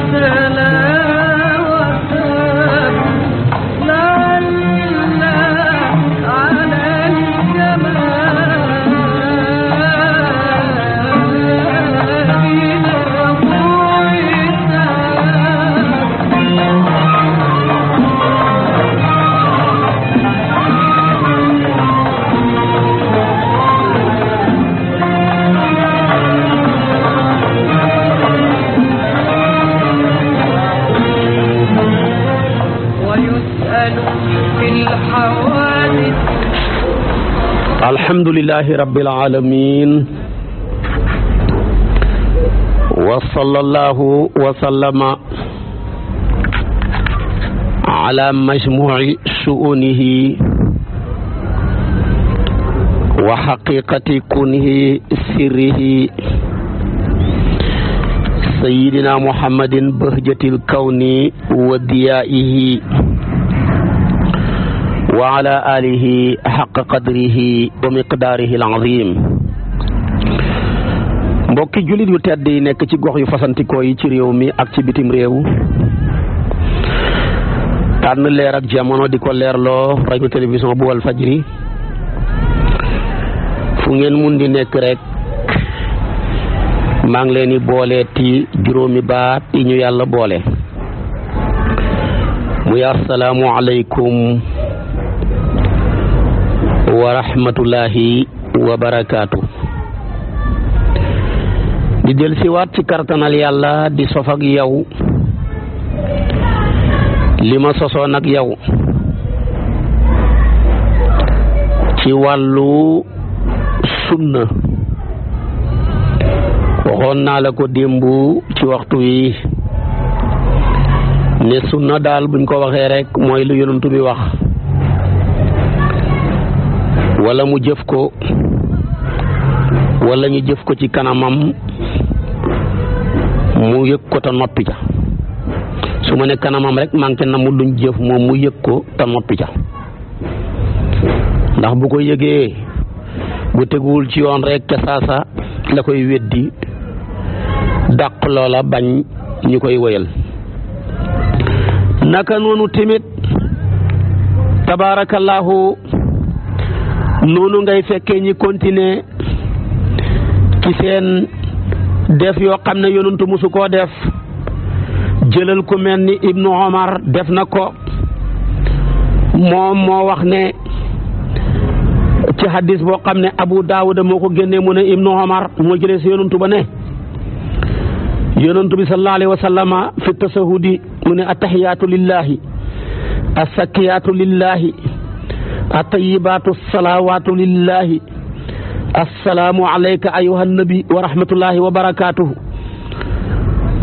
سلام alhamdulillahi rabbil alamin wa sallallahu wa sallama ala majmuci suunihi wa xaqiqati kunhi sirrihi sayidina muhammadin bahjatil kawni wa diyaihi wa ala alihi xaqa qadrihi wa miqdaarihi alazim mbokki jullit yu tedd yi nekk ci gox yu fasantikoo yi ci réew mi ak ci bitim réew tànn leer ak jamono di ko leerloo rajo télévision bu wal fu ngeen mun di nekk rek maa ngi leen di booleeti juróomi baat yi ñu yàlla boole muy asalaamu aleykum wa rahmatullahi di jël ci waat ci kartanal yàlla di sof ak yow li ma sosoon ak yow ci wàllu sunna waxoon naa la ko démb ci waxtu wi ne sunna daal buñ ko waxee rek mooy lu yonent bi wax wala mu jëf ko wala ñu jëf ko ci kanamam mu yëg ko te noppi ca su ma ne kanamam rek manqué na mu duñ jëf moom mu yëg ko te noppi ca ndax bu ko yëgee bu teguwul ci yoon rek ca la koy weddi dàq loola bañ ñu koy woyal naka noonu tamit tabaarakallaahu noonu ngay fekkee ñi continuer ci seen def yoo xam ne yonantu musu koo def jëlal ku mel ni ibnu omar def na ko moom moo wax ne ci hadis boo xam ne abu daawuda moo ko génnee mu ne ibnu omar moo jëlee si yonantu ba ne yonantu bi sallallahu alayhi wa sallama fi tasahudi mu ne attahiyaatu lillahi assakiyaatu lillahi atayibaatu salawaatu lillahi assalaamu alayka ayuha nabi wa rahmatullahi wa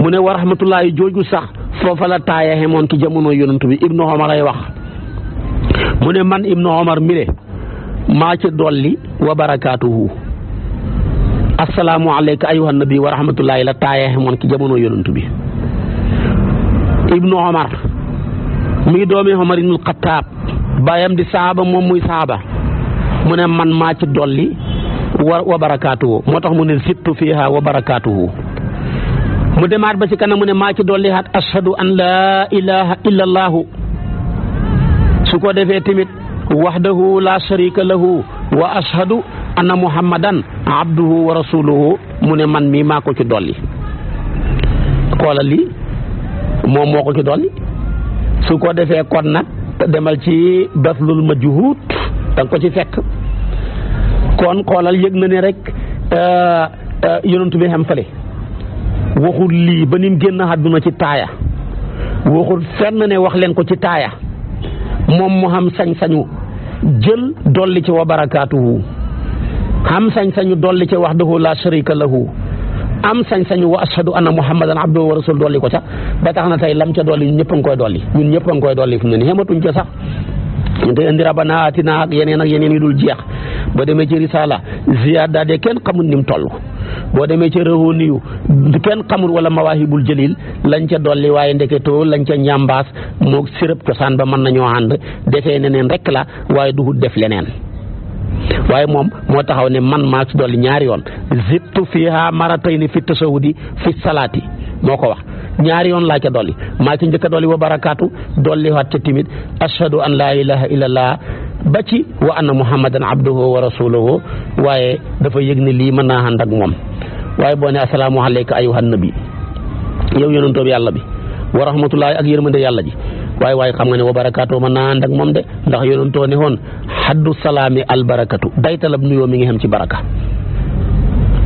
mu ne wa rahmatullahi jooju sax foofa la taaya xemoon ci jamono yonent bi ibnu Omar ay wax mu ne man ibnu Omar mile maa ci dolli wa barakaatuhu assalaamu alayka ayuha nabi la taaya xemoon ci jamono yonent bi ibnu Omar mi doomi Omar ibnul baayam di saaba moom muy saaba mu ne man maa ci dolli wa wa barakaatuhu moo tax mu ne sittu fiha wa barakaatuhu mu demaat ba ci kanam mu ne maa ci dolli haat ashhadu an laa ilaha illa su ko defee tamit wahdahu la sharika lahu wa ashhadu anna muhammadan abduhu wa rasuluhu mu ne man mii maa ko ci dolli xoolal li moom moo ko ci dolli su ko defee kon nag demal ci baslul majhud da nga ko ci fekk kon xoolal yëg na ni rek euh, euh, yonantu bi xam fale waxul lii ba nim génn àdduna ci taaya waxul fenn ne wax leen ko ci taaya moom mu xam sañ-sañu jël dolli ci wa barakaatuhu xam sañ-sañu dolli ci wahdahu la sharika lahu am sañ-sañu wa ashadu anna muhammadan abduhu wa rasul dolli ko ca ba tax na tey lam ca dolli ñun ñëpp a ngi koy dolli ñun ñëpp a ngi koy dolli fu mu ne nii xamatuñ ca sax ñu koy indi rabbana atina ak yeneen ak yeneen yu dul jeex ba demee ci risala ziyaada de kenn xamul ni mu toll boo demee ca rawoniyu kenn xamul wala mawaahibul jëlil lañ ca dolli waaye ndeketoo lañ ca ñambaas moo sirëb cosaan ba mën nañoo ànd defe neneen rek la waaye duhut def leneen waaye moom moo taxaw ne man maa ci dolli ñaari yoon zittu fiha maratayni fi tasawudi fi salaati moo ko wax ñaari yoon laa ca dolli maa ci njëkk a dolli wa barakaatu dolli waat ca timit ashhadu an laa ilaha illallah ba ci wa anna muhammadan abduhu wa rasuluhu waaye dafa yëg ne lii mën naa ànd moom waaye boo ne asalaamu aleyka ayuhan nabi yow yonentoob yàlla bi wa rahmatullahi ak yërmande yàlla ji waaye waaye xam nga ne wa barakaatu mën naa ànd moom de ndax yonentoo ne woon xaddu salaami albarakatu daytalab nuyoo mi ngi xam ci baraka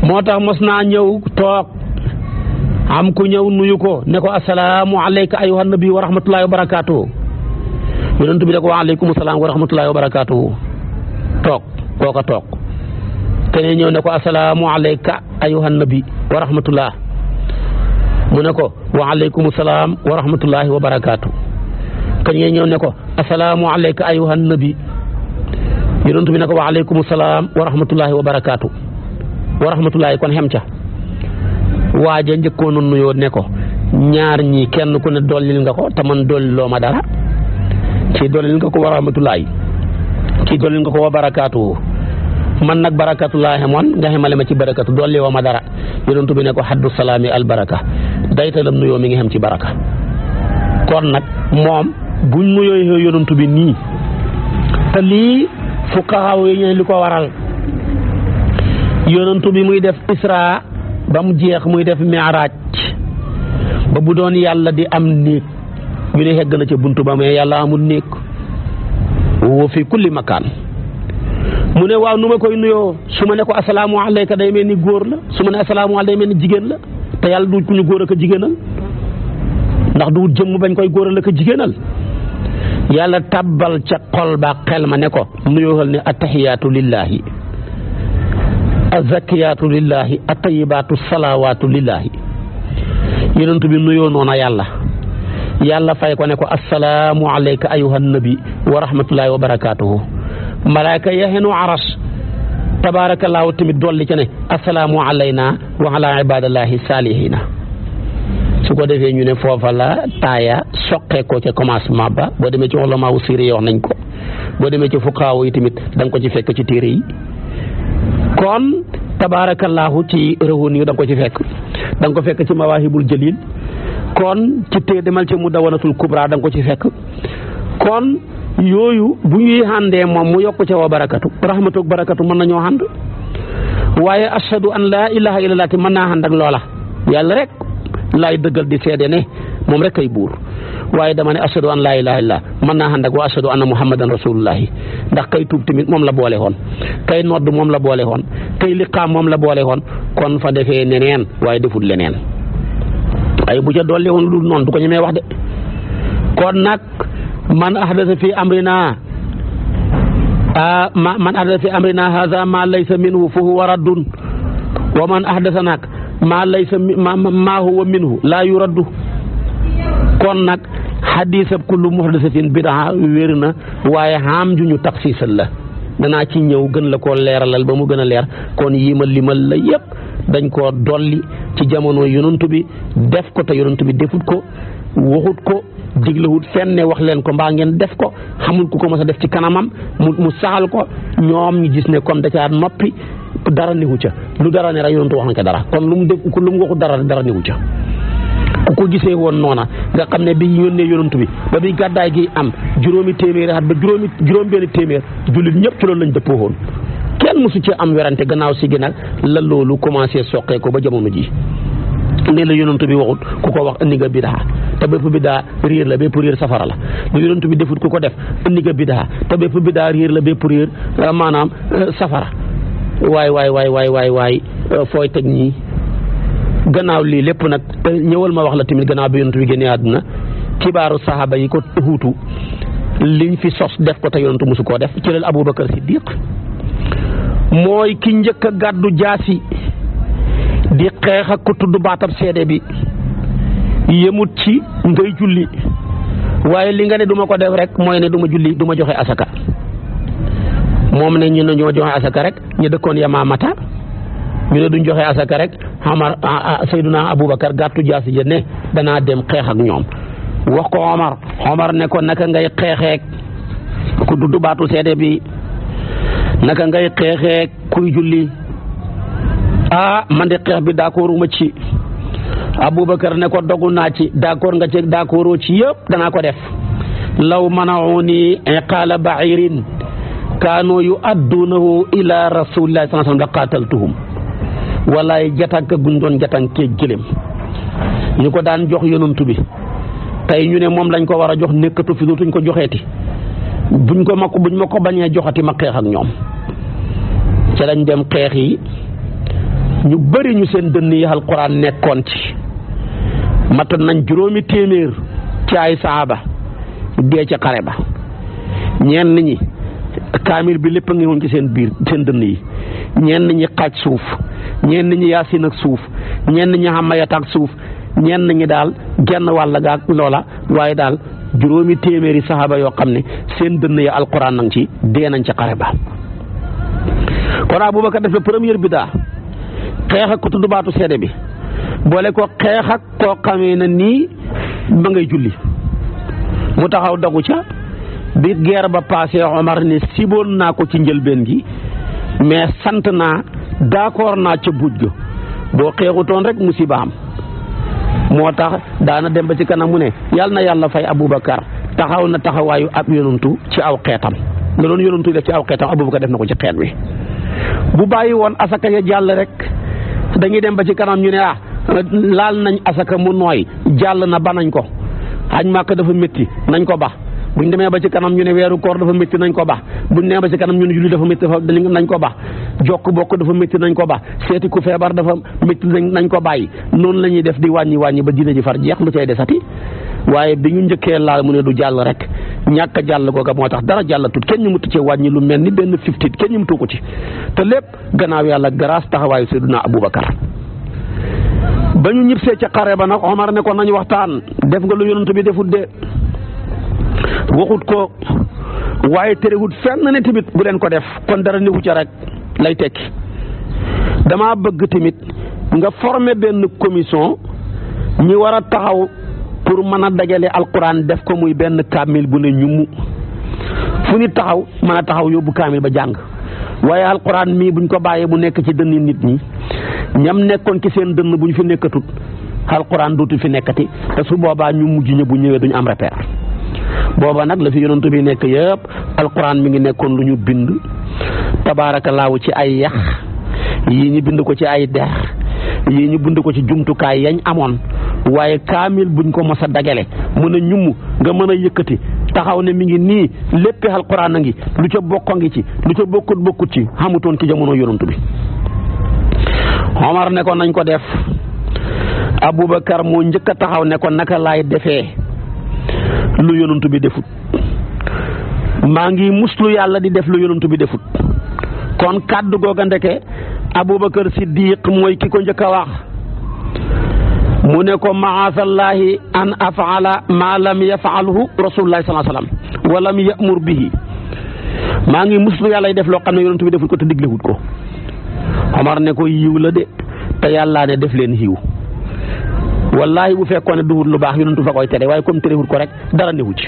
moo tax mos naa ñëw toog am ku ñëw nuyu ko ne ko asalaamu aleyka ayuha nabi wa rahmatullahi wa barakaatu bi ne ko wa aleykum salaam wa rahmatullahi wa toog kooka toog keneen ñëw ne ko asalaamu aleyka ayuha nabi wa rahmatullah mu ne ko wa aleykum salaam wa rahmatullahi wa barakaatu kañ ngay ñëw ne ko asalaamu aleyka ayuha nabi yonent bi ne ko wa aleykum salaam wa rahmatullahi wa barakaatu wa rahmatullahi kon xem ca waaja njëkkoon nuyoo ne ko ñaar ñi kenn ku ne dollil nga ko te man dollil loo ma dara kii dollil nga ko wa ko wa barakaatu man nag barakatullahi xemoon nga xemale ma ci barakatu dolli ma dara yonent bi ne ko xaddu salaami al baraka daytalam nuyoo mi xem ci baraka kon nag moom buñ mu yooyu yonantu bi nii te lii fuqahaa yi ñu li ko waral yonantu bi muy def isra ba mu jeex muy def miraaj ba bu doon yàlla di am néeg ñu ne xegg na ca bunt ba mais yàlla amul néeg woo fi kulli makaan mu ne waaw nu ma koy nuyoo su ma ne ko asalaamu day mel ni góor la su ma ne asalaamu day mel ni jigéen la te yàlla du ku ñu góor ak a jigéenal ndax du jëmm bañ koy góor ak a jigéenal yàlla tàbbal ca xol ba xel ma ne ko nuyoxal ne attaxiyaatu lillaahi azakiyaatu lillaahi attayibaatu salawaatu lillaahi yonent bi nuyoo noona yàlla yàlla fay ko ne ko assalaamu alayka ayuha nabi wa rahmatullahi wa barakaatuhu malaaka yaxenu aras tabaarakallaahu tamit dolli ca ne assalaamu alayna wa ala ibadallahi saalihina su ko defee ñu ne foofa la taaya soqee ko ca commencement ba boo demee ci ulama wu siri wax nañ ko boo demee ci fuqaawu yi tamit da ko ci fekk ci téere yi kon tabaarakallaahu ci Ruhun nii da ko ci fekk danga ko fekk ci mawaahibul jalil kon ci te demal ci mudawwanatul kubra da nga ko ci fekk kon yooyu bu ñuy àndee moom mu yokk ca wa barakatu rahmatu barakatu mën nañoo ànd waaye ashadu an laa ilaha illallah mën naa ànd ak loola yàlla rek laay dëggal di seede ne moom rek kay buur waaye dama ne ashadu an laa ilaha illa mën naa ànd ak wa ashadu anna muhammadan rasulullahi ndax kay tuub tamit moom la boole woon kay nodd moom la boole woon kay liqaam moom la boole woon kon fa defee neneen waaye deful leneen waaye bu ca dolli woon lu noonu du ko ñemee wax de kon nag man ahdasa fi amrina man ahdasa fi amrina hada ma laysa minhu fa huwa raddun wa man ahdasa nag maa laysa maa huwa minhu laa yuraddu kon nag xadisab kullu muhdasatin bidaa wér na waaye xam ju ñu la danaa ci ñëw gën la koo leeralal ba mu gën a leer kon yima limal la yépp dañ koo dolli ci jamono yonent bi def ko te bi defut ko waxut ko diglewut fenn wax leen ko mbaa ngeen def ko xamul ku ko mës a def ci kanamam mu mu saxal ko ñoom ñu gis ne kon da caa noppi dara niwu ca lu dara ne rek yonent wax na ko dara kon lu mu def lu mu waxu dara dara niwu ca ku ko gisee woon noona nga xam ne bi yónnee yonent bi ba bi gàddaay gi am juróomi téeméeri at ba juróomi juróom benn téeméer jullit ñëpp ci loolu lañ dëppoo woon kenn mosu ci am werante gannaaw si gi nag la loolu commencé soqee ko ba jamono ji ne la yonent bi waxut ku ko wax indi nga bidaa te bépp bidaa réer la bépp réer safara la lu yonent bi defut ku ko def indi nga bidaa te bépp bidaa réer la be réer maanaam euh, safara waay waay waay waay waay waay euh, fooy teg ñii gannaaw lii lépp nag te ñëwal ma wax la tamit gannaaw bi yonent bi génnee àdduna xibaaru saxaaba yi ko xuutu liñ fi sos def ko te yonent mosu koo def ci leel Aboubacar Siddiq mooy ki njëkk a gàddu jaasi di xeex tudd baatab seede bi yemut ci ngay julli waaye li nga ne duma ko def rek mooy ne duma julli duma joxe asaka moom ne ñu ne ñoo joxe asaka rek ñu dëkkoon Yamaamata ñu ne duñ joxe asaka rek Omar Seyduna Aboubacar gàttu jaasi ja ne danaa dem xeex ak ñoom wax ko Omar Omar ne ko naka ngay xeexeek ku dudd baatu seede bi naka ngay xeexeek kuy julli ah man de xeex bi d'accorduma ci Aboubacar ne ko dogu naa ci d'accord nga ci d'accordoo ci yëpp danaa ko def law mana'uni iqaala ba'irin kaanu yu adduunahu ila rasulillahi sallallahu alayhi wa sallam qaataltuhum walaay jatanka guñ doon jatankee gëlëm ñu ko daan jox yonantu bi tey ñu ne moom lañ ko war a jox nekkatu fi dootuñ ko joxeeti buñ ko ma ko buñ ma ko bañee joxati ma xeex ak ñoom ci lañ dem xeex yi ñu bëri ñu seen dënn yi alquran nekkoon ci matoon nañ juróomi téeméer ci ay saaba dee ca xare ba ñenn ñi kaamil bi lépp a ngi woon ci seen biir seen dënn yi ñenn ñi xaaj suuf ñenn ñi yaasin ak suuf ñenn ñi xamayat ak suuf ñenn ñi daal genn wàll gaag loola waaye daal juróomi téeméeri saxaaba yoo xam ne seen dënn ya alquran nang ci dee nañ ci xare ba kon Abubakar def la première bidaa xeex ak ku tudd baatu seede bi boole ko xeex ak koo xamee na nii ma ngay julli mu taxaw dogu ca bi guerre ba passé Omar ne siboon naa ko ci njëlbeen gi mais sant naa d'accord naa ca buj ga boo xeexutoon rek musiba am moo tax daana dem ba ci kanam mu ne yàlla na yàlla fay Aboubacar taxaw na taxawaayu ab yonantu ci aw xeetam la doon yonantu def ci aw xeetam Aboubacar def na ko ci xeet wi. bu bàyyi woon asaka jàll rek dañuy dem ba ci kanam ñu ne ah laal nañ asaka mu nooy jàll na ba nañ ko xaj màkk dafa metti nañ ko ba. buñ ba ci kanam ñu ne weeru koor dafa métti nañ ko ba buñ demee ba ci kanam ñu ne julli dafa métti ba jokk bokk dafa métti nañ ko ba seeti ku feebar dafa la ñuy def di wàññi wàññi ba njëkkee laal mu ne du jàll rek ñàkk a jàll googa moo tax dara jàllatut kenn ñu mutu cee wàññi lu mel ni benn fiftit kenn ñu mutu ko ci te lépp gannaaw yàlla grâce taxawaayu Seydina Aboubacar ba ñu ñibsee ca xare ba nag Omar ne ko nañ waxtaan def nga lu yonent bi defut de waxut ko waaye terewut fenn ne tamit bu leen ko def kon dara newu ca rek lay tekki dama bëgg tamit nga forme benn commission ñi war a taxaw pour mën a dajale alquran def ko muy benn kaamil bu ne ñumu fu nit taxaw mën a taxaw yóbbu kaamil ba jàng waaye alquran mii buñ ko bàyyee bu nekk ci dënn dënni nit ñi ñam nekkoon ci seen dënn bu ñu fi nekkatut alquran dootu fi nekkati te su boobaa ñu mujj ñu bu ñëwee duñ am repère. booba nag la fi yonantu bi nekk yëpp alquran mi ngi nekkoon lu ñu bind tabaarakallaahu ci ay yax yii ñu bind ko ci ay dex yii ñu bind ko ci jumtukaay yañ amoon waaye kaamil buñ ko mos a dagale mën a ñum nga mën a yëkkati taxaw ne mi ngi nii léppi alquran a ngi lu ca bokk ngi ci lu ca bokkut bokkut ci xamutoon ci jamono yonantu bi Omar ne ko nañ ko def Aboubacar moo njëkk a taxaw ne ko naka lay defee. lu yonantu bi defut maa ngi muslu yàlla di def lu yonantu bi defut kon kàddu googa ndeke abubakar siddiq mooy ki ko njëkk a wax mu ne ko maasallaahi an afaala ma lam yafaalhu rasulullahi salaa sallam wa lam yamur bihi maa ngi muslu yàlla def loo xam ne yonent bi defut ko te diglewut ko Omar ne ko yiw la de te yàllaa ne def leen yiw wallahi bu fekkoon ne duwut lu baax nu fa koy tere waaye comme terewut ko rek dara newu ci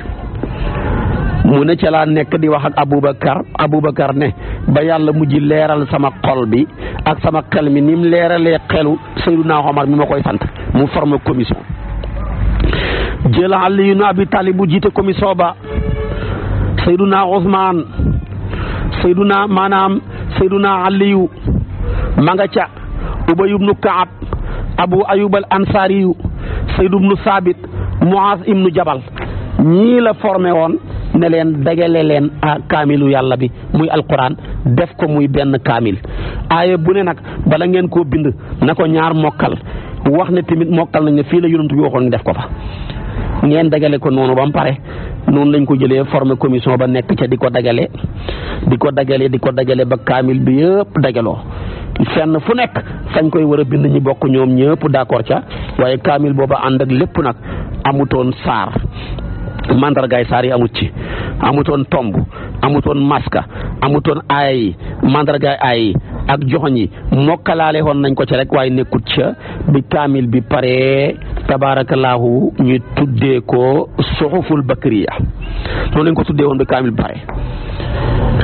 mu ne ca laa nekk di wax ak Aboubacar Aboubacar ne ba yàlla mu ji leeral sama xol bi ak sama xel mi ni mu leeralee xelu Seydina Omar mi ma koy sant mu forme commission jël Ali ibn Abi Talib bu jiite commission ba Seydina Ousmane Seydina maanaam Seydina Aliyu ma nga ca Ubay Kaab abu ayub al ansaariyu sayd ibnu saabit muaz ibnu jabal ñii la formé woon ne leen dagale leen a kaamilu yàlla bi muy alkuraan def ko muy benn kaamil aaye bu ne nag bala ngeen koo bind na ko ñaar mokkal wax ne tamit mokkal nañ ne fii la yonent bi waxoon def ko fa ngeen dagale ko noonu ba mu pare noonu lañ ko jëlee formé commission ba nekk ca di ko dagale di ko dagale di ko dagale ba kaamil bi yëpp dagaloo fenn fu nekk fañ koy war a bind ñi bokk ñoom ñëpp d'accord ca waaye kaamil booba ànd ak lépp nag amutoon saar mandargaay saar yi amut ci amutoon tomb amutoon maska amutoon aaya yi mandargaay aaya yi ak joxoñ yi mokkalaale woon nañ ko ci rek waaye nekkut ca bi kaamil bi paree tabaarakallaahu ñu tuddee ko suxuful ya noonu lañ ko tuddee woon bi kaamil bi pare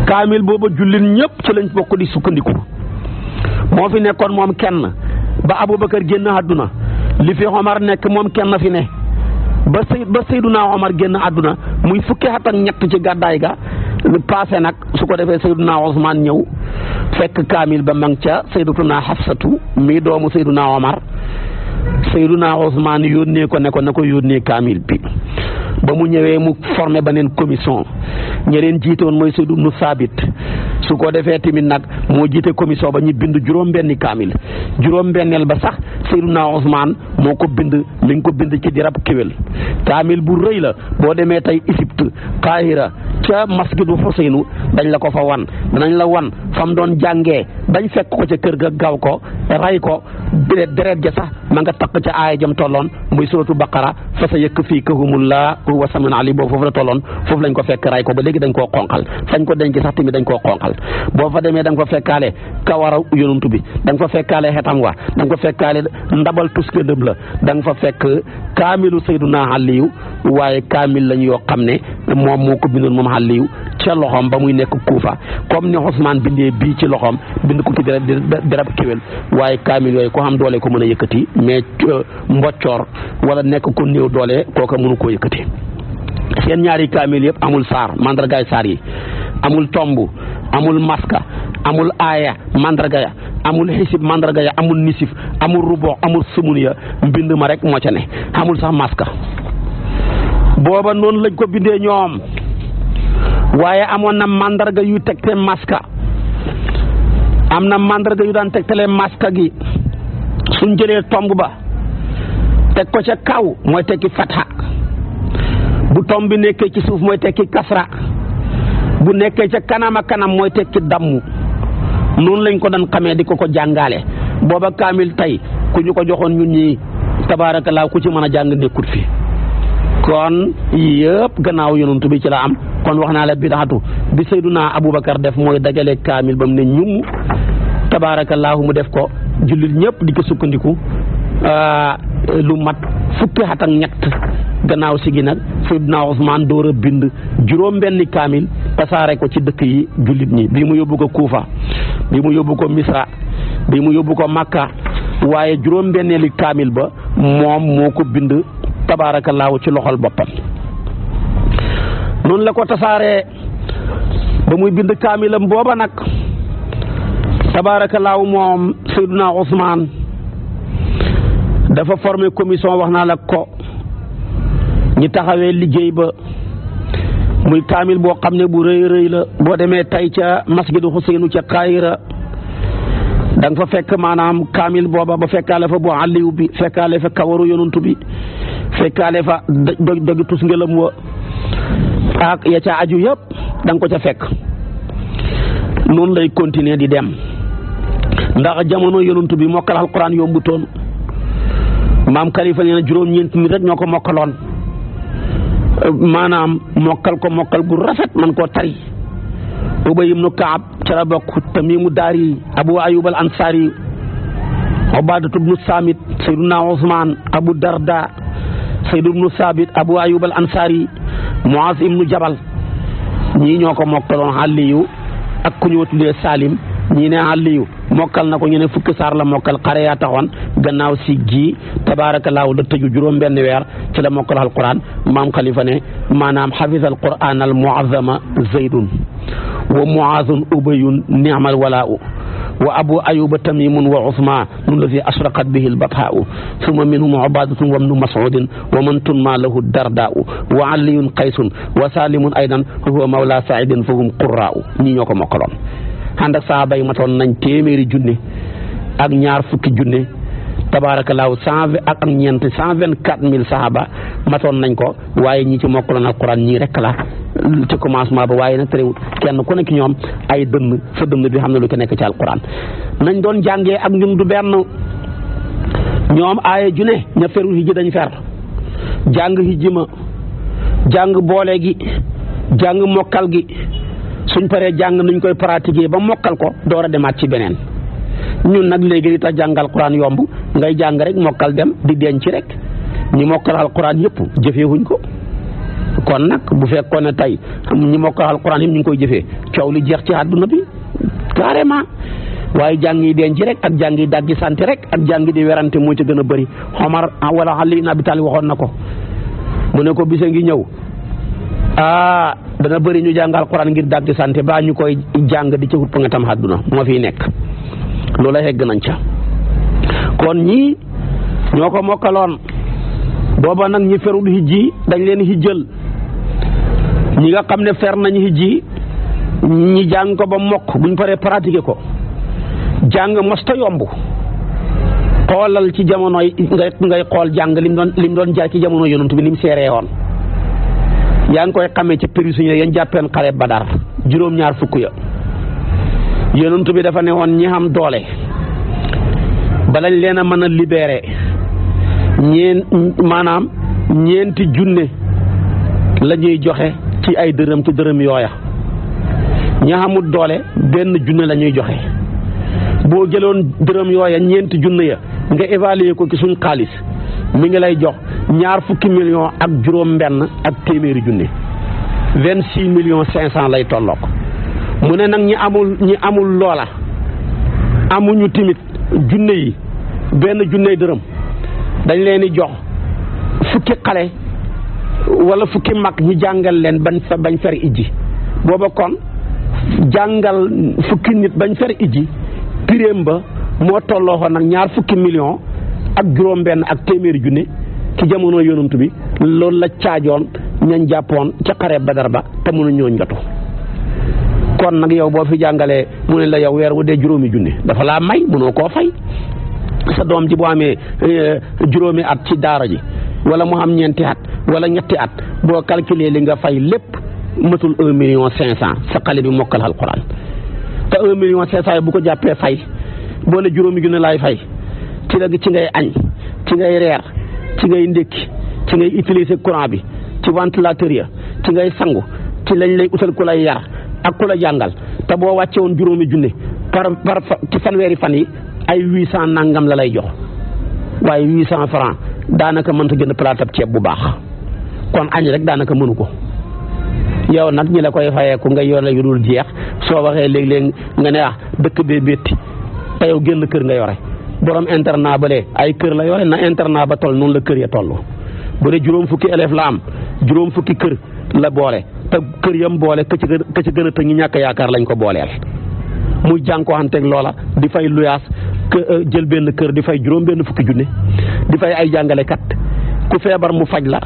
kaamil booba jullit ñëpp ci lañ bokk di sukkandiku moo fi nekkoon moom kenn ba Aboubacar génn àdduna li fi Omar nekk moom kenn fi ne ba Seyd ba Seyduna Omar génn àdduna muy fukki at ak ñett ci gàddaay ga passé nag su ko defee Seyduna Ousmane ñëw fekk kaamil ba mang ca Seydatuna Hafsatu mii doomu Seyduna Omar naa Ousmane yónnee ko ne ko na ko yónnee kaamil bi ba mu ñëwee mu formé beneen commission ña leen jiite mooy Seydou Ibnu Saabit su ko defee tamit nag moo jiite commission ba ñu bind juróom-benni kaamil juróom-benneel ba sax Seydina Ousmane moo ko bind mi ko bind ci dirab kéwél kaamil bu rëy la boo demee tey Égypte Qahira ca masjidu Huseynu dañ la ko fa wan danañ la wan fam doon jàngee bañ fekk ko ca kër ga gaaw ko ray ko deret ja sax ma nga takk ca aaya jam tolloon muy suratu baqara fa sa yëkk fii ko huwa samun ali boo foofu la tolloon foofu lañ ko fekk ray ko ba léegi dañ koo xonqal fañ ko denc sax tamit dañ koo xonqal boo fa demee da nga fa fekkaale kawara yonuntu bi da nga fa fekkaale xetam wa da nga fa fekkaale ndabal tuske dëb la da nga fa fekk kaamilu sayduna aliyu waaye kaamil lañu yoo xam ne moom moo ko bindoon moom aliyu ca loxoom ba muy nekk kuufa comme ni Ousmane bindee bii ci loxoom bind ko ci dara darab kéwél waaye kaamil yooyu ko xam doole ko mën a yëkkati mais euh, mboccoor wala nekk ku néew doole kooka mënu koo yëkkati seen ñaari kaamil yëpp amul saar mandargaay saar yi amul tomb amul maska amul aaya mandarga ya amul xisib mandarga amul nisif amul rubox amul sumun mbind ma rek moo ca ne amul sax maska booba noonu lañ ko bindee ñoom waaye amoon na màndarga yu te maska am na màndarga yu daan te tegtale maska gi suñ jëlee tomb ba teg ko ca kaw mooy tekki fatha bu tomb bi nekkee ci suuf mooy tekki kasra bu nekkee ca kanama kanam mooy tekki dammu noonu lañ ko doon xamee di ko ko jàngaale booba kaamil tey ku ñu ko joxoon ñu ñi tabaarakalaa ku ci mën a jàng nekkut fi kon yëpp gannaaw yonent bi ci la am kon wax naa la bidaatu bi sayduna aboubacar def mooy dajale kaamil ba mu ne ñum tabaarakallaahu mu def ko jullit ñëpp di ko sukkandiku euh, lu mat fukki at ak ñett gannaaw si gi nag sayduna Usmaan door a bind juróom benni kaamil tasaare ko ci dëkk yi jullit ñi bi mu yóbbu ko Kuufa bii mu yóbbu ko Misra bii mu yóbbu ko Makka waaye juróom benneeli kaamil ba moom moo ko bind tabaarakallaahu ci loxol boppam noonu la ko tasaaree ba muy bind kaamilam booba nag tabaarakallaahu moom Seyduna Ousmane dafa formé commission wax naa la ko ñi taxawee liggéey ba muy kaamil boo xam ne bu rëy rëy la boo demee tay ca masjidu Xuseynu ca Kaayira da nga fa fekk maanaam kaamil booba ba fekkaale fa bu àlliw bi fekkaale fa kawaru yonuntu bi fekkaale fa doj dogi tus wa ak ya ca aju yëpp da nga ko ca fekk noonu lay continuer di dem ndax jamono yonantu bi mokkal alquran yombutoon maam Khalifa nee na juróom-ñeent nit rek ñoo ko mokkaloon maanaam mokkal ko mokkal gu rafet man koo tari Ubay ibnu Kaab ca la bokk Tamimu Daari Abu Ayub al Ansari Ubaadatu ibnu Sayduna Usmaan Abu Darda Saydu Abu Ayub al Muaz ibnu Jabal ñii ñoo ko mokkaloon Aliyu ak ku ñu watulee Salim ñii ne Aliyu mokkal na ko ñu ne fukki saar la mokkal xare yaa taxoon gannaaw si gii tabaarakallaahu la tëju juróom benn weer ci la mokkal alquran maam Khalifa ne maanaam xafisa alquran al muazama zaydun wa muazun ubayun niamal walaau wa abu ayuba tamimun wa usma nun la fi asraqat bihi lbathaau summa minhum ubadatun wa ibnu mas'udin wa man tunma lahu dardaau wa aliyun qaysun wa salimun aydan huwa mawla saidin fa hum qurraau ñii ñoo ko mokkaloon ànd ak saaba yi matoon nañ téeméeri junne ak ñaar fukki junne tabaarakallaahu cent vingt ak ñeent cent vingt quatre mille sahaba matoon nañ ko waaye ñi ci mokk loon mokkaloon alquran ñii rek la ci commencement ba waaye na nag terewut kenn ku nekk ñoom ay dënn sa dënn bi xam ne lu ci nekk ci alquran nañ doon jànge ak ñun du benn ñoom aaye ju ne ña feru hijji dañ fer jàng hijji ma jàng boole gi jàng mokkal gi suñ paree jàng nuñ koy pratiquer ba mokkal ko door a demaat ci beneen ñun nag léegi li tax jàngal Alquran yomb ngay jàng rek mokkal dem di denc rek ñi mokkal alquran yëpp jëfeewuñ ko kon nag bu fekkoon ne tey ñi mokkal alquran yëpp ñu ngi koy jëfee coow li jeex ci àdduna bi carrément waaye jàng yi denc rek ak jàng yi daggi sant rek ak jàng di werante moo ci gën a bari Omar wala Ali ibn Abi Talib waxoon na ko mu ne ko bisa ngi ñëw ah dana bari ñu jàng alquran ngir daggi sant ba ñu koy jàng di ci wut pa nga tam àdduna moo fiy nekk loola hegg nañ ca kon ñii ñoo ko mokkaloon booba nag ñi ferul hijji dañ leen hijjal ñi nga xam ne fer nañ hijji ñi jàng ko ba mokk buñ paree pratiquer ko jàng mosta yomb xoolal ci jamonoy ngay ngay xool jàng lim doon lim doon jaar ci jamono yonent bi lim seeree woon yaa ngi koy xamee ci prison ya yan jàppeen xare Badar juróom-ñaar fukk ya yonent bi dafa ne woon ñi xam doole balañ leen a mën a libeere ñeen maanaam ñeenti junne la ñuy joxe ci ay dërëm ci dërëm yooya ña doole benn junne la ñuy joxe boo jëloon dërëm yooya ñeenti junne ya nga évaluer ko ci suñ xaalis mu ngi lay jox ñaar fukki million ak juróom mbenn ak téeméeri junne vingt six million cinq cent lay tollook mu ne nag ñi amul ñi amul loola amuñu timit junne yi benn junney dërëm dañ leen di jox fukki xale wala fukki mag ñu jàngal leen bañ bañ fer ijji booba kon jàngal fukki nit bañ fer ijji piréem ba moo tolloo xoon nag ñaar fukki million ak juróom benn ak téeméeri junni ci jamono yonantu bi loolu la caajoon ñañ jàppoon ca xare badar ba te mënu ñoo njotu kon nag yow boo fi jàngalee mu ne la yow weer wu dee juróomi junni dafa laa may mënoo koo fay sa doom ji boo amee euh, juróomi at ci daara ji wala moo am ñeenti at wala ñetti at boo calculer li nga fay lépp matul un million cinq cent sa xale bi mokkal alquran te un million cinq cent bu ko jàppee fay boo la juróomi junne laay fay ci la ci ngay añ ci ngay reer ci ngay ndékki ci ngay utiliser courant bi ci ventilateur ya ngay sangu ci lañ lay utal ku lay yar ak ku la jàngal te boo wàcce woon juróomi junne par par ci fanweeri fan yi ay huit cent nangam la lay jox waaye huit cent franc daanaka mënta jënd palaat ab ceeb bu baax kon añ rek daanaka mënu ko yow nag ñi la koy fayeeku nga yore yu dul jeex soo waxee léegi léeg nga ne ah dëkk bee métti te yow génn kër nga yore borom internat ba lee ay kër la yore na internat ba toll noonu la kër ya toll bu dee juróom fukki élève la am juróom fukki kër la boole te kër yam boole ka ci gën a ñi ñàkk yaakaar lañ ko booleel muy jànkuwanteeg loola di fay luyaas Euh, jël benn kër di fay juróom benn fukki junne di fay ay jàngale kat ku feebar mu faj la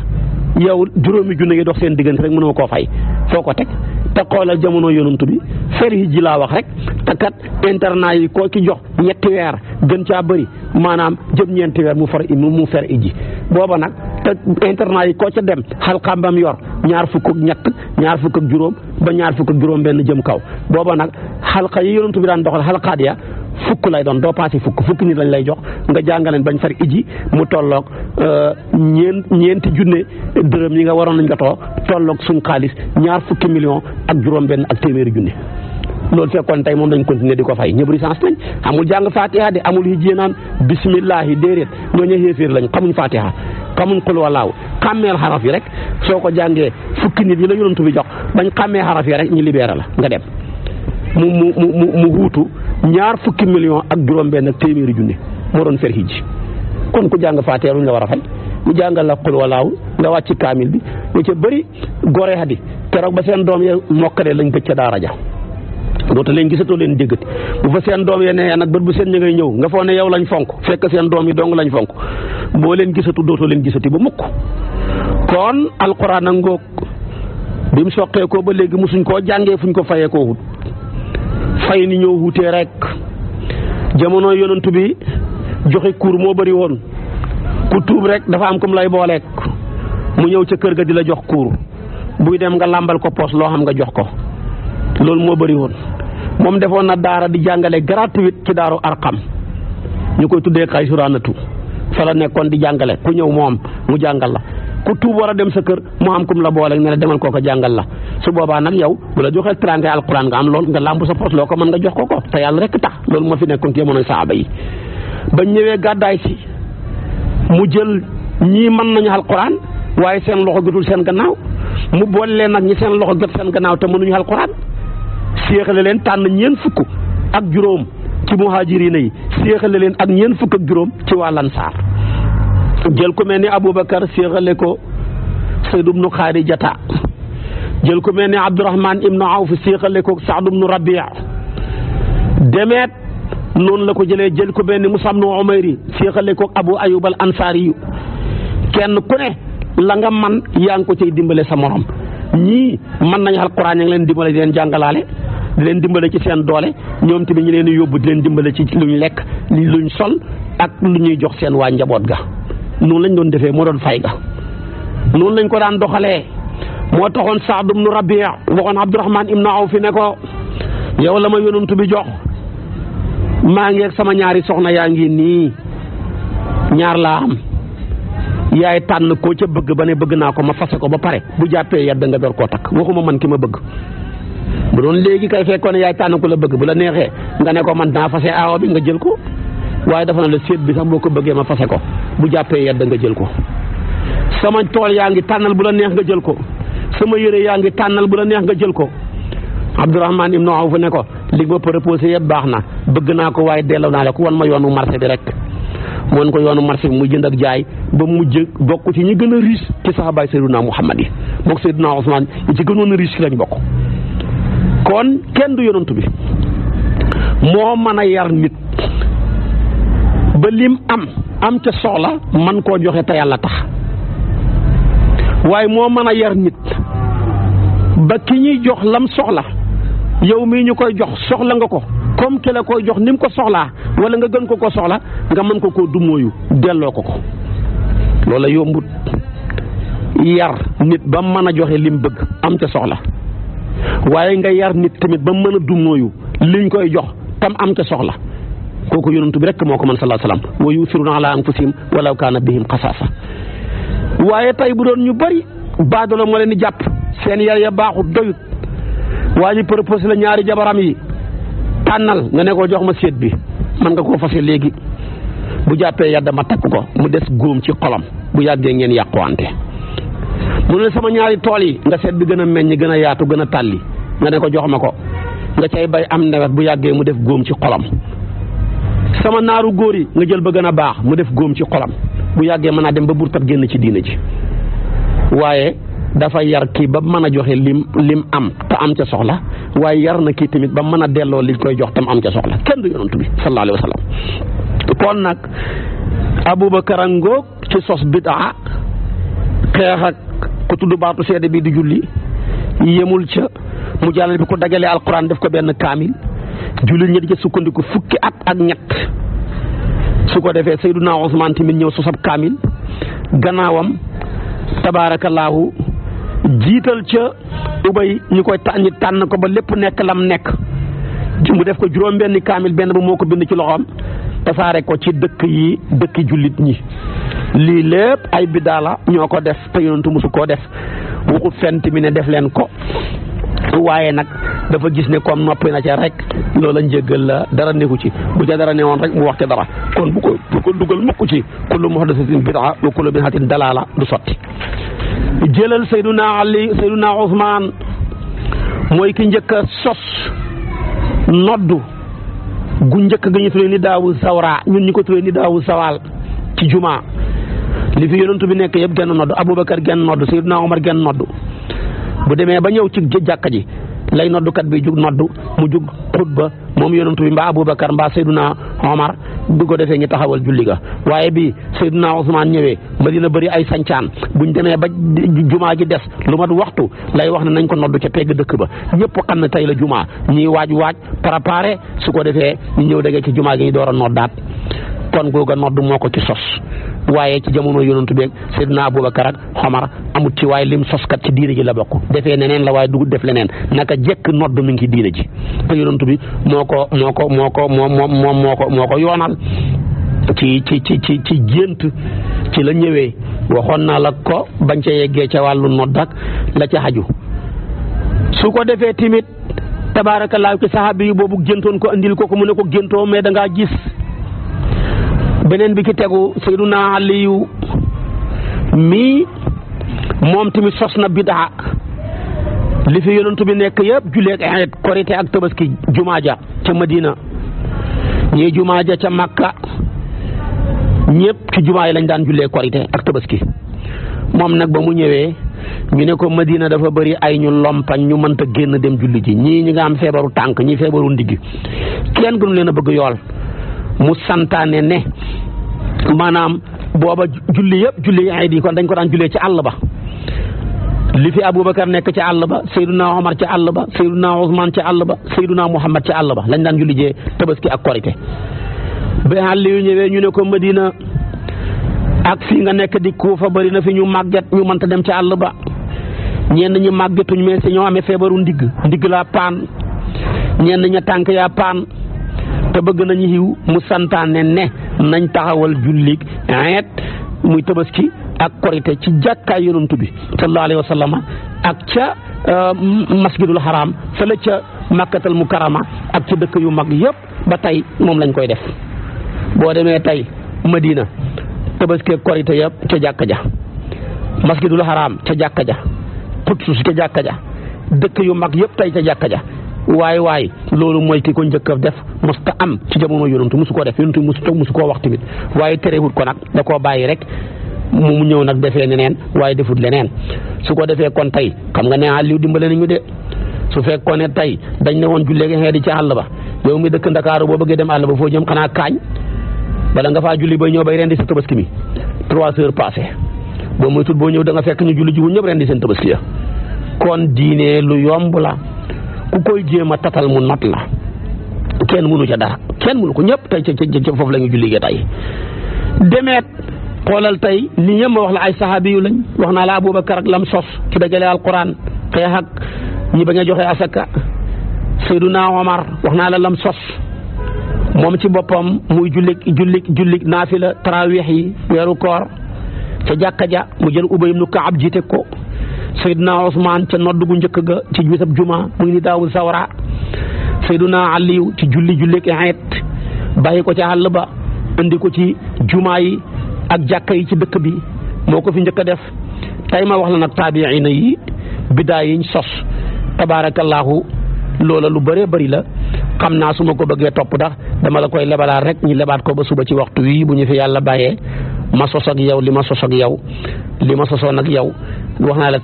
yow juróomi junne yi dox seen diggante rek mënoo koo fay foo ko teg te xoolal jamono yonantu bi feri ji laa wax rek te kat internat yi koo ci jox ñetti weer gën caa bëri maanaam jëm ñeenti weer mu far mu fer iji booba nag te yi koo ca dem xalqaam bam yor ñaar fukk ak ñett ñaar fukk juróom ba ñaar fukk ak juróom benn jëm kaw booba nag xalqa yi yonantu bi daan doxal xalqaat ya fukk lay doon doo paase fukk fukk nit lañ lay jox nga jàngaleen bañ far iji mu tolloog euh, ñeent ñeenti junne dërëm yi nga waroon nañ jotoo tolloog suñ xaalis ñaar fukki million ak juróom-benn ak téeméeri junne. loolu fekkoon tey moom dañ continuer di ko fay ñëpp licence nañ amul jàng fatiha de amul hijjee naan bismillahi déedéet ñooñu xéeféer lañ xamuñ fatiha xamuñ xul walaaw xàmmeel xaraf yi rek soo ko jàngee fukki nit yi la yonent bi jox bañ xàmmee xaraf rek ñu libéré la nga dem mu mu mu ñaar fukki million ak juróom-benn ak téeméeri junne moo doon fer hijji kon ku jàng faatiha lu ñu la war a fay mu jàngal la xul walaaw nga wàcc kaamil bi ñu ca bëri gore xadi keroog ba seen doom mokk mokkale lañ tëj ca daara ja dootu leen gisatoo leen déggati bu fa seen doom ya ne nag bët bu seen ña ngay ñëw nga foog ne yow lañ fonk fekk seen doom yi dong lañ fonk boo leen gisatu dootoo leen gisati ba mukk kon alxuraan a ngoog bi mu soqee ko ba léegi musuñ koo jàngee fuñ ko fayee koo fay ni ñoo wute rek jamono yonantu bi joxe kuur moo bëri woon ku tuub rek dafa am comme lay booleek mu ñëw ca kër ga di la jox kuur buy dem nga làmbal ko poos loo xam nga jox ko loolu moo bëri woon moom defoon na daara di jàngale gratuit ci daaru arqam ñu koy tuddee xay suraanatu fa la nekkoon di jàngale ku ñëw moom mu jàngal la ku tuub war a dem sa kër mu am kum la booleeg ne la demal kooka jàngal la su boobaa nag yow bu la joxee trente alquran nga am lool nga làmb sa poos loo ko mën nga jox ko ko te yàlla rek tax loolu moo fi nekkoon ci jamonoy saaba yi ba ñëwee gàddaay si mu jël ñii mën nañu alquran waaye seen loxo jotul seen gannaaw mu boole leen nag ñi seen loxo jot seen gannaaw te mënuñu alquran séexale leen tànn ñeen fukk ak juróom ci muhaajiriina yi séexale leen ak ñeen fukk ak juróom ci wàllan lansaar jël ku mel ni Aboubacar séexale ko Sayd ibnu Xaarijata jël ku mel ni Abdourahman ibnu Awf séexale ko Saad ibnu Rabia demeet noonu la ko jëlee jël ku mel ni Musab ibnu Umayr séexale ko Abu Ayyub al Ansaari kenn ku ne la man yaa ngi ko ciy dimbale sa moroom ñii mën nañu alquran ñu ngi leen dimbale di leen jàngalaale di leen dimbale ci seen doole ñoom tamit ñu leen yóbbu di leen dimbale ci luñ lekk luñ sol ak lu ñuy jox seen waa njaboot ga noonu lañ doon defee moo doon fay ga noonu lañ ko daan doxalee moo taxoon Saad ibnu Rabia waxoon Abdurahman ibnu Awf ne ko yow la ma yonent bi jox maa ngi sama ñaari soxna yaa ngi nii ñaar laa am yaay tànn koo ca bëgg ba ne bëgg naa ko ma fase ko ba pare bu jàppee yàdd nga door koo takk waxuma man ki ma bëgg bu doon léegi kay fekkoon yaay tànn ko la bëgg bu la neexee nga ne ko man naa fase aawa bi nga jël ko waaye dafa na la séet bi sax boo ko bëggee ma fase ko bu jàppee yedd nga jël ko sama tool yaa ngi tànnal bu la neex nga jël ko sama yére yaa ngi tànnal bu la neex nga jël ko Abdourahman ibnu Awf ne ko li nga proposé yëpp baax na bëgg naa ko waaye delloo naa la ko wan ma yoonu marché bi rek wan ko yoonu marché bi mu jënd ak jaay ba mujj bokk ci ñi gën a riche ci saxaabaay Seydina Muhammad yi mook Seydina Ousmane ñi ci gënoon a riis ci lañ bokk kon kenn du yonantu bi moo mën a yar nit ba lim am am te soxla man koo joxe te yàlla tax waaye moo mën a yar nit ba ki ñuy jox lam soxla yow mii ñu koy jox soxla nga ko comme ki la koy jox ni mu ko soxlaa wala nga gën ko ko soxla nga mën ko koo dumóoyu delloo ko ko loola yombut yar nit ba mën a joxe lim bëgg am te soxla waaye nga yar nit tamit ba mën a dumóoyu liñ koy jox tam am te soxla kooku yonantu bi rek moo ko mën sallallahu alayhi wasallam wa yuusiruuna ala anfusihim walaw kaana bihim xasaasa waaye tey bu doon ñu bari baadolo moo leen di jàpp seen yar ya baaxut doyut waa ñu proposé la ñaari jabaram yi tànnal nga ne ko jox ma seet bi man nga koo fase léegi bu jàppee yadda ma takk ko mu des góom ci xolam bu yàggee ngeen yàquwante mu ne sama ñaari tool yi nga seet bi gën a meññ gën a yaatu gën a tàlli nga ne ko jox ma ko nga cay bay am nawet bu yàggee mu def góom ci xolam sama naaru góor yi nga jël ba gën a baax mu def góom ci xolam bu yàggee mën naa dem ba burtab génn ci diina ci waaye dafa yar kii ba mën a joxe lim lim am te am ca soxla waaye yar na kii tamit ba mën a delloo liñ koy jox tam am ca soxla kenn du yonantu bi sallallahu alayhi wa kon nag Aboubacar ngoog ci sos bidaa xeex ak ku tudd baatu seede bi di julli yemul ca mu jàllale bi ko dajalee alquran def ko benn kaamil jullit ñi di ca sukkandiku fukki at ak ñett su ko defee Seyduna Usmaan tamit ñëw sosab kaamil gannaawam tabaarakallaahu jiital ca ubay ñu koy ñi tànn ko ba lépp nekk lam nekk mu def ko juróom benni kaamil benn ba moo ko bind ci loxoom tasaare ko ci dëkk yi dëkki jullit ñi lii lépp ay bidaa ñoo ko def te yonentu musu koo def waxut fent mi ne def leen ko waaye nag dafa gis ne comme noppi na ca rek loola njëggal la dara nekku ci bu ca dara newoon rek mu wax ca dara kon bu ko bu ko mukk ci kullu muhdasatin bid'a wa kullu bid'atin dalaala du sotti jëlal sayduna ali sayduna ousmane mooy ki njëkk a sos noddu gu njëkk ga ñu tuddee ni daawu sawra ñun ñu ko tuddee ni daawu sawaal ci juma li fi yonentu bi nekk yëpp genn noddu aboubacar genn noddu sayduna omar genn noddu bu demee ba ñëw ci jàkka ji lay noddukat bi jug noddu mu jug ba moom yonantu bi mbaa Aboubacar mbaa Seydouna Omar bu ko defee ñu taxawal julli ga waaye bi Seydouna Ousmane ñëwee ba dina bëri ay sancaan buñ demee ba jumaa ji des lu mat waxtu lay wax ne nañ ko noddu ca pegg dëkk ba ñëpp xam ne tey la jumaa ñiy waaj waaj préparé su ko defee ñu ñëw dege ci jumaa gi ñu door a noddaat kon googa noddu moo ko ci sos waaye ci jamono yonantu beeg Seydina Aboubacar ak Omar amut ci waaye lim soskat ci diine ji la bokk defee neneen la waaye dugub def leneen naka jekk nodd mi ngi diine ji te yonantu bi moo ko moo ko moo ko moo moo moo ko ko yoonal ci ci ci ci ci gént ci la ñëwee waxoon naa la ko bañ ca yeggee ca wàllu nodd ak la ca xaju su ko defee timit tabaarakallaahu ci saxaabi yi boobu géntoon ko andil ko ko mu ne ko géntoo mais da gis beneen bi ci tegu naa Aliyu mii moom tamit sos na bidaa li fi yonantu bi nekk yëpp julleeg eet korité ak tabaski jumaa ja ca Madina ñii jumaa ja ca Makka ñëpp ci jumaa yi lañ daan jullee korité ak tabaski moom nag ba mu ñëwee ñu ne ko Madina dafa bari ay ñu lompañ ñu mënta génn dem julli ji ñii ñi nga am feebaru tànk ñii feebaru ndigg kenn gënu leen a bëgg yool mu santaane ne maanaam booba julli yëpp julli iid yi kon dañ ko daan jullee ci àll ba li fi Aboubacar nekk ci àll ba Seydouna Omar ci àll ba Seydouna Ousmane ci àll ba Seydouna Mouhamed ci àll ba lañ daan julli jee tabaski ak korite ba àll yu ñëwee ñu ne ko Madina ak fii nga nekk di ko bëri na fi ñu màgget ñu mënta dem ci àll ba ñenn ñi màggetuñ mais si ñoo amee feebaru ndigg ndigg laa paan ñenn ña tànk yaa paan te bëgg nañu yiw mu santaane ne nañ taxawal jullig eet muy tabaski ak korite ci jàkkaay yonantu bi sallallahu alayhi wa ak ca euh, masjidul haram fële ca mu karama ak ca dëkk yu mag yëpp ba tey moom lañ koy def boo demee tey madina tabaski korite yëpp ca jàkka ja masjidul haram ca jàkka ja Kudus ca jàkka ja dëkk yu mag yëpp tey ca jàkka ja waay waay loolu mooy ki ko njëkk a def musta am ci jamono yonantu musu ko def yonantu musu musu koo wax tamit waaye terewut ko nag da koo bàyyi rek mu ñëw nag defee neneen waaye defut leneen su ko defee kon tey xam nga ne àlliw dimbale nañu de su fekkoon ne tey dañ ne woon jullee xee di ci àll ba yow mi dëkk Ndakaaru boo bëggee dem àll ba foo jëm xanaa kaañ bala nga faa julli bay ñëw bay rendi sa tabaski mi trois heures passées boo moytuwul boo ñëw da nga fekk ñu julli ji wu ñëpp rendi seen tabaski ya kon diine lu yomb la ku koy jéem a tatal mu not la kenn mënu ca dara kenn mënu ko ñëpp tey ca ca foofu la ñu julli tey demeet xoolal tey li ñëpp ma wax la ay saxaabi lañ wax naa la Abubakar ak lam sos ci dajale alquran xeex ak ñi bañ a joxe asaka Seyduna Omar wax naa la lam sos moom ci boppam muy jullik jullik jullik naafila taraweex yi weeru koor ca jàkka ja mu jël Ubay ibnu Kaab jiite ko Seydina Ousmane ca nodd gu njëkk ga ci bisab juma muy ni daawu sawra Seydina Aliyu ci julli julli ki xeet bàyyi ko ci àll ba indi ko ci juma yi ak jàkka yi ci dëkk bi moo ko fi njëkk def tay ma wax la nag taabiina yi biddaa yiñ sos tabaarakallaahu loola lu bëree bari la xam naa su ma ko bëggee topp dax dama la koy lebalaat rek ñu lebaat ko ba suba ci waxtu wi bu ñu fi yàlla bàyyee ma sosoog ak yow li ma sosoog ak yow li ma sosoon ak yow wax naa la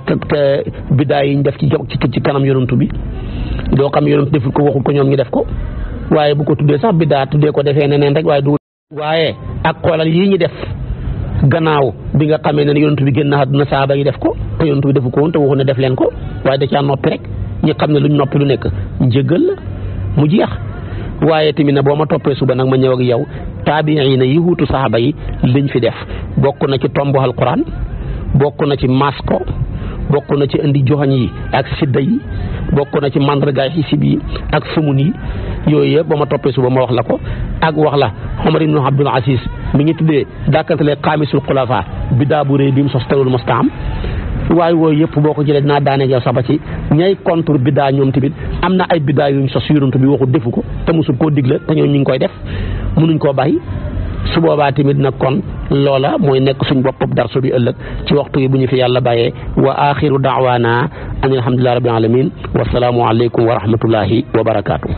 biddaa yi ñu def ci ci kanam yonantu bi doo xam yonantu deful ko waxul ko ñoom ñu def ko waaye bu ko tuddee sax biddaa tuddee ko defee neneen rek waaye du. waaye ak xoolal yii ñu def gannaaw bi nga xamee ne yonantu bi génn àdduna saaba yi def ko te yonantu bi defu ko woon te waxu ne def leen ko waaye da caa noppi rek ñi xam ne luñ noppi lu nekk njëgal la mu jeex. waaye tamit na boo ma toppee suba nag ma ñëw ak yow na yi wuutu saxaaba yi liñ fi def bokk na ci tombu alquran bokk na ci maas ko bokk na ci indi joxoñ yi ak sidda yi bokk na ci mandargaay xisib yi ak sumun yi yooyu yëpp boo ma toppee suba ma wax la ko ak wax la Omar ibnu Abdul Aziz mu ngi tuddee dàkkantale xaamisul xulafa bidaa bu bi mu sos terul mostaam waaye wooyu yëpp boo ko jëlee dinaa daane yow sax ba ci ñay contre biddaa ñoom tamit am na ay biddaa yuñ sos yonent bi waxu defu ko te mosul koo digle te ñoom ñu ngi koy def mënuñ koo bàyyi su boobaa tamit nag kon loola mooy nekk suñ boppam darsu bi ëllëg ci waxtu yi bu ñu fi yàlla bàyyee wa axiru daawaana an alhamdulilah rabbil alamin wasalaamu aleykum wa rahmatullahi wa barakaatu.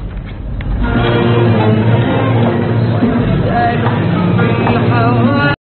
الحوار